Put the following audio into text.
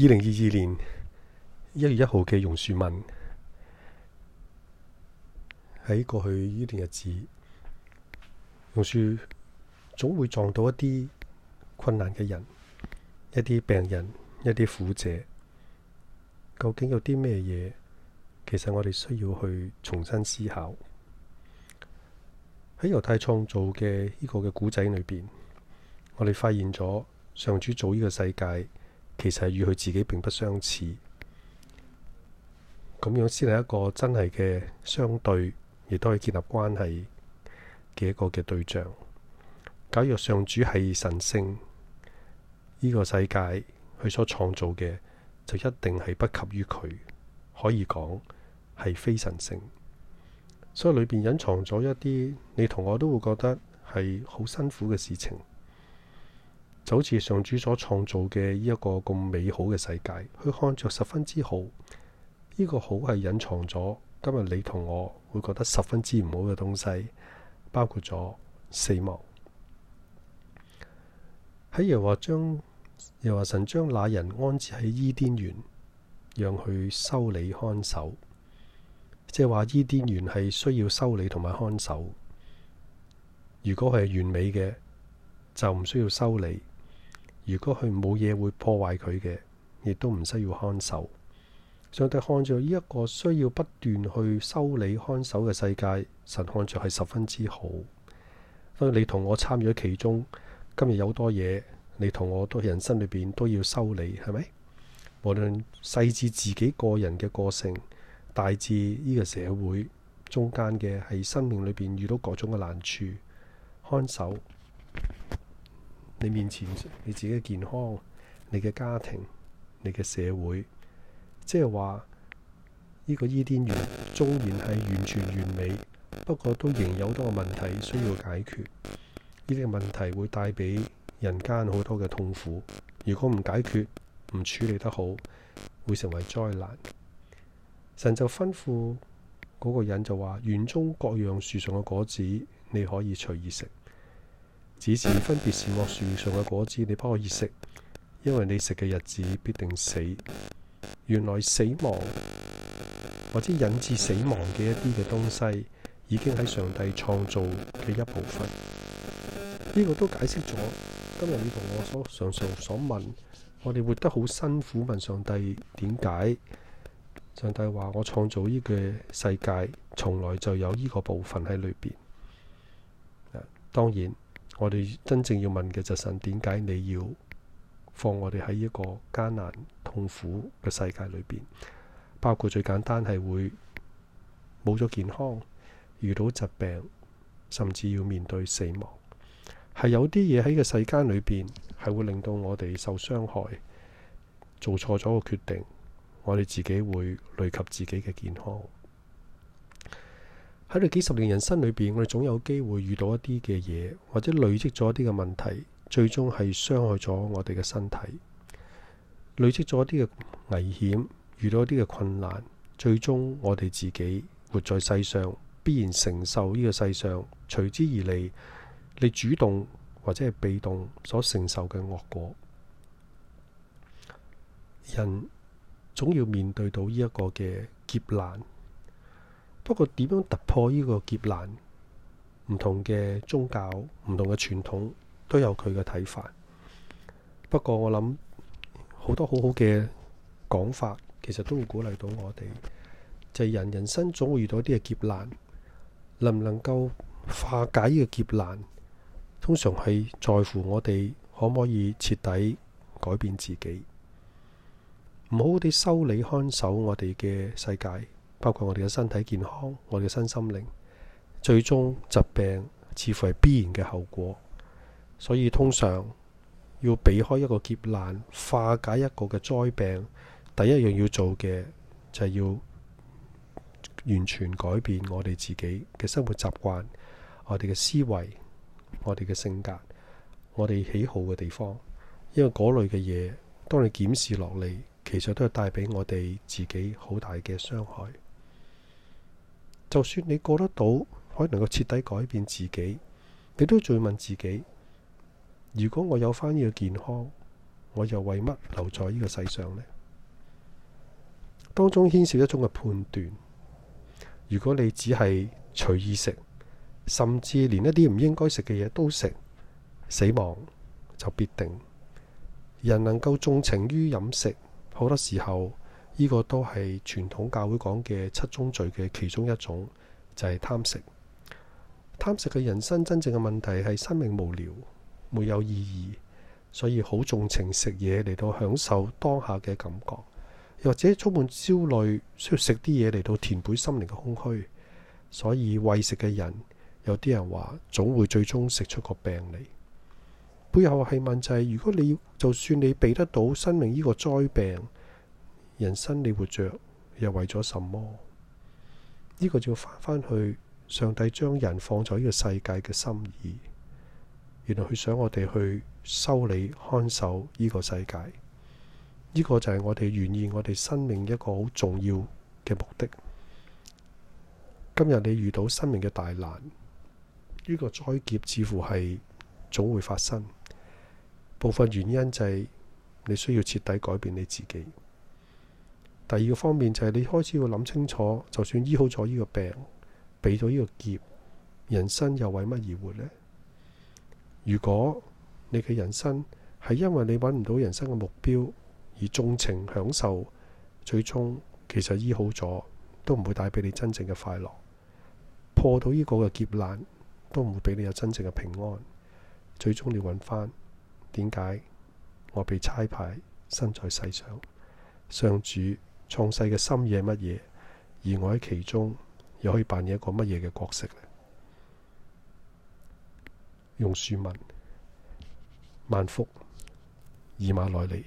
二零二二年一月一號嘅榕樹文，喺過去呢段日子，榕樹總會撞到一啲困難嘅人，一啲病人，一啲苦者。究竟有啲咩嘢？其實我哋需要去重新思考。喺猶太創造嘅呢個嘅古仔裏邊，我哋發現咗上主造呢個世界。其實係與佢自己並不相似，咁樣先係一個真係嘅相對，亦都可以建立關係嘅一個嘅對象。假若上主係神聖，呢個世界佢所創造嘅就一定係不及於佢，可以講係非神聖。所以裏邊隱藏咗一啲，你同我都會覺得係好辛苦嘅事情。就好似上主所創造嘅呢一個咁美好嘅世界，佢看着十分之好。呢、這個好係隱藏咗今日你同我會覺得十分之唔好嘅東西，包括咗死亡。喺耶和華將，耶和華神將那人安置喺伊甸園，讓佢修理看守，即係話伊甸園係需要修理同埋看守。如果係完美嘅，就唔需要修理。如果佢冇嘢會破壞佢嘅，亦都唔需要看守。上帝看着呢一個需要不斷去修理看守嘅世界，神看着係十分之好。所以你同我參與咗其中，今日有多嘢，你同我都人生裏邊都要修理，係咪？無論細至自己個人嘅個性，大至呢個社會中間嘅係生命裏邊遇到各種嘅難處，看守。你面前你自己嘅健康、你嘅家庭、你嘅社會，即係話，呢、這個伊甸園，縱然係完全完美，不過都仍有多個問題需要解決，呢啲問題會帶俾人間好多嘅痛苦。如果唔解決，唔處理得好，會成為災難。神就吩咐嗰個人就話，園中各樣樹上嘅果子，你可以隨意食。只是分別是惡樹上嘅果子，你不可以食，因為你食嘅日子必定死。原來死亡或者引致死亡嘅一啲嘅東西，已經喺上帝創造嘅一部分。呢、呢個都解釋咗今日你同我所常常所問，我哋活得好辛苦，問上帝點解？上帝話：我創造呢個世界，從來就有呢個部分喺裏邊。當然。我哋真正要問嘅就神，點解你要放我哋喺一個艱難、痛苦嘅世界裏邊？包括最簡單係會冇咗健康，遇到疾病，甚至要面對死亡。係有啲嘢喺個世間裏邊，係會令到我哋受傷害，做錯咗個決定，我哋自己會累及自己嘅健康。喺你幾十年人生裏邊，我哋總有機會遇到一啲嘅嘢，或者累積咗一啲嘅問題，最終係傷害咗我哋嘅身體，累積咗一啲嘅危險，遇到一啲嘅困難，最終我哋自己活在世上，必然承受呢個世上隨之而嚟，你主動或者係被動所承受嘅惡果，人總要面對到呢一個嘅劫難。不過點樣突破呢個劫難？唔同嘅宗教、唔同嘅傳統都有佢嘅睇法。不過我諗好多好好嘅講法，其實都會鼓勵到我哋。就係人人生總會遇到一啲嘅劫難，能唔能夠化解呢個劫難？通常係在乎我哋可唔可以徹底改變自己，唔好好地修理看守我哋嘅世界。包括我哋嘅身體健康，我哋嘅身心靈，最終疾病似乎係必然嘅後果。所以通常要避開一個劫難，化解一個嘅災病，第一樣要做嘅就係要完全改變我哋自己嘅生活習慣，我哋嘅思維，我哋嘅性格，我哋喜好嘅地方。因為嗰類嘅嘢，當你檢視落嚟，其實都係帶俾我哋自己好大嘅傷害。就算你過得到，可以能夠徹底改變自己，你都仲要問自己：如果我有返呢個健康，我又為乜留在呢個世上呢？當中牽涉一種嘅判斷。如果你只係隨意食，甚至連一啲唔應該食嘅嘢都食，死亡就必定。人能夠縱情於飲食，好多時候。呢個都係傳統教會講嘅七宗罪嘅其中一種，就係、是、貪食。貪食嘅人生真正嘅問題係生命無聊，沒有意義，所以好重情食嘢嚟到享受當下嘅感覺，又或者充滿焦慮，需要食啲嘢嚟到填滿心靈嘅空虛。所以喂食嘅人，有啲人話總會最終食出個病嚟。背後係問就係、是，如果你就算你避得到生命呢個災病。人生你活着又為咗什麼？呢個就要翻翻去上帝將人放咗呢個世界嘅心意。原來佢想我哋去修理看守呢個世界。呢個就係我哋願意我哋生命一個好重要嘅目的。今日你遇到生命嘅大難，呢個災劫似乎係總會發生。部分原因就係你需要徹底改變你自己。第二個方面就係你開始要諗清楚，就算醫好咗呢個病，避咗呢個劫，人生又為乜而活呢？如果你嘅人生係因為你揾唔到人生嘅目標而縱情享受，最終其實醫好咗都唔會帶俾你真正嘅快樂，破到呢個嘅劫難都唔會俾你有真正嘅平安。最終你揾翻點解我被差派身在世上，上主，創世嘅心意乜嘢？而我喺其中又可以扮演一個乜嘢嘅角色咧？用書文，萬福，以馬內利。